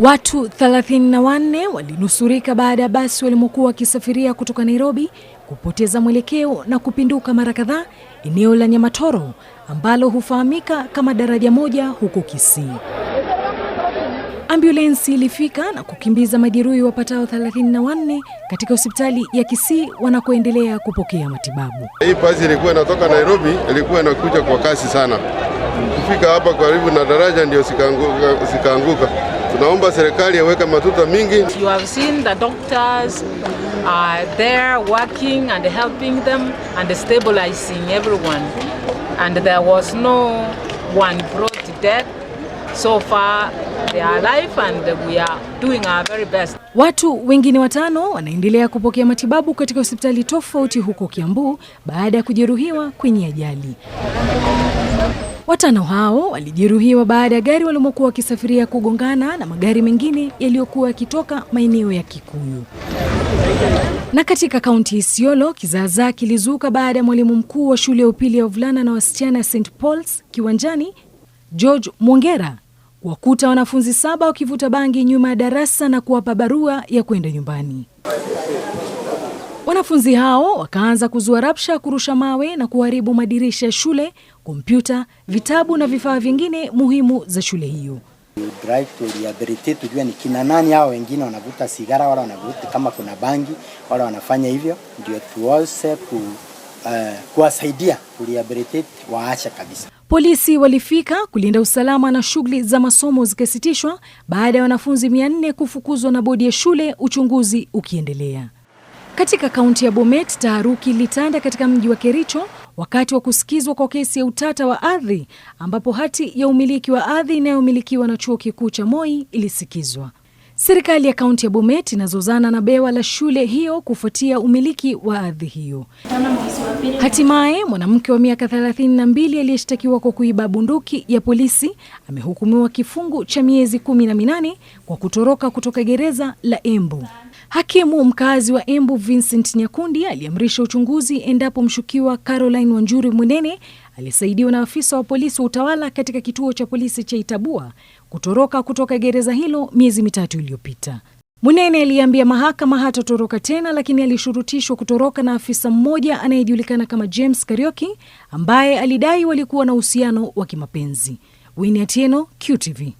Watu 34 walinusurika baada ya basi walimokuwa wakisafiria kutoka Nairobi kupoteza mwelekeo na kupinduka mara kadhaa eneo la Nyamatoro ambalo hufahamika kama daraja moja huko Kisii. Ambulensi ilifika na kukimbiza majeruhi wapatao 34 katika hospitali ya Kisii wanakoendelea kupokea matibabu. Hii basi ilikuwa inatoka Nairobi, ilikuwa inakuja kwa kasi sana kufika hapa karibu na daraja, ndio sikaanguka. Tunaomba serikali yaweka matuta mingi. You have seen the doctors are there working and helping them and stabilizing everyone. And there was no one brought to death. So far they are alive and we are doing our very best. Watu wengine watano wanaendelea kupokea matibabu katika hospitali tofauti huko Kiambu baada ya kujeruhiwa kwenye ajali. Watano hao walijeruhiwa baada ya gari walimokuwa wakisafiria kugongana na magari mengine yaliyokuwa yakitoka maeneo ya Kikuyu. Na katika kaunti Isiolo, kizaazaa kilizuka baada ya mwalimu mkuu wa shule ya upili ya wavulana na wasichana ya St Paul's Kiwanjani, George Mwongera kuwakuta wanafunzi saba wakivuta bangi nyuma ya darasa na kuwapa barua ya kwenda nyumbani. Wanafunzi hao wakaanza kuzua rabsha, kurusha mawe na kuharibu madirisha ya shule, kompyuta, vitabu na vifaa vingine muhimu za shule hiyo. Tuliabilitate tujue ni kina nani hao, wengine wanavuta sigara, wala wanavuta kama kuna bangi, wala wanafanya hivyo, ndio tuose ku, uh, kuwasaidia kuliabilitate waacha kabisa. Polisi walifika kulinda usalama na shughuli za masomo zikasitishwa baada ya wanafunzi mia nne kufukuzwa na bodi ya shule, uchunguzi ukiendelea. Katika kaunti ya Bomet, taharuki ilitanda katika mji wa Kericho wakati wa kusikizwa kwa kesi ya utata wa ardhi ambapo hati ya umiliki wa ardhi inayomilikiwa na chuo kikuu cha Moi ilisikizwa. Serikali ya kaunti ya Bomet inazozana na bewa la shule hiyo kufuatia umiliki wa ardhi hiyo. Hatimaye mwanamke wa miaka 32 aliyeshtakiwa kwa kuiba bunduki ya polisi amehukumiwa kifungo cha miezi 18 kwa kutoroka kutoka gereza la Embu. Hakimu mkazi wa Embu Vincent Nyakundi aliamrisha uchunguzi endapo mshukiwa Caroline Wanjuri Munene alisaidiwa na afisa wa polisi wa utawala katika kituo cha polisi cha Itabua kutoroka kutoka gereza hilo miezi mitatu iliyopita. Munene aliambia mahakama hatatoroka tena, lakini alishurutishwa kutoroka na afisa mmoja anayejulikana kama James Karioki ambaye alidai walikuwa na uhusiano wa kimapenzi. Winnie Atieno, QTV.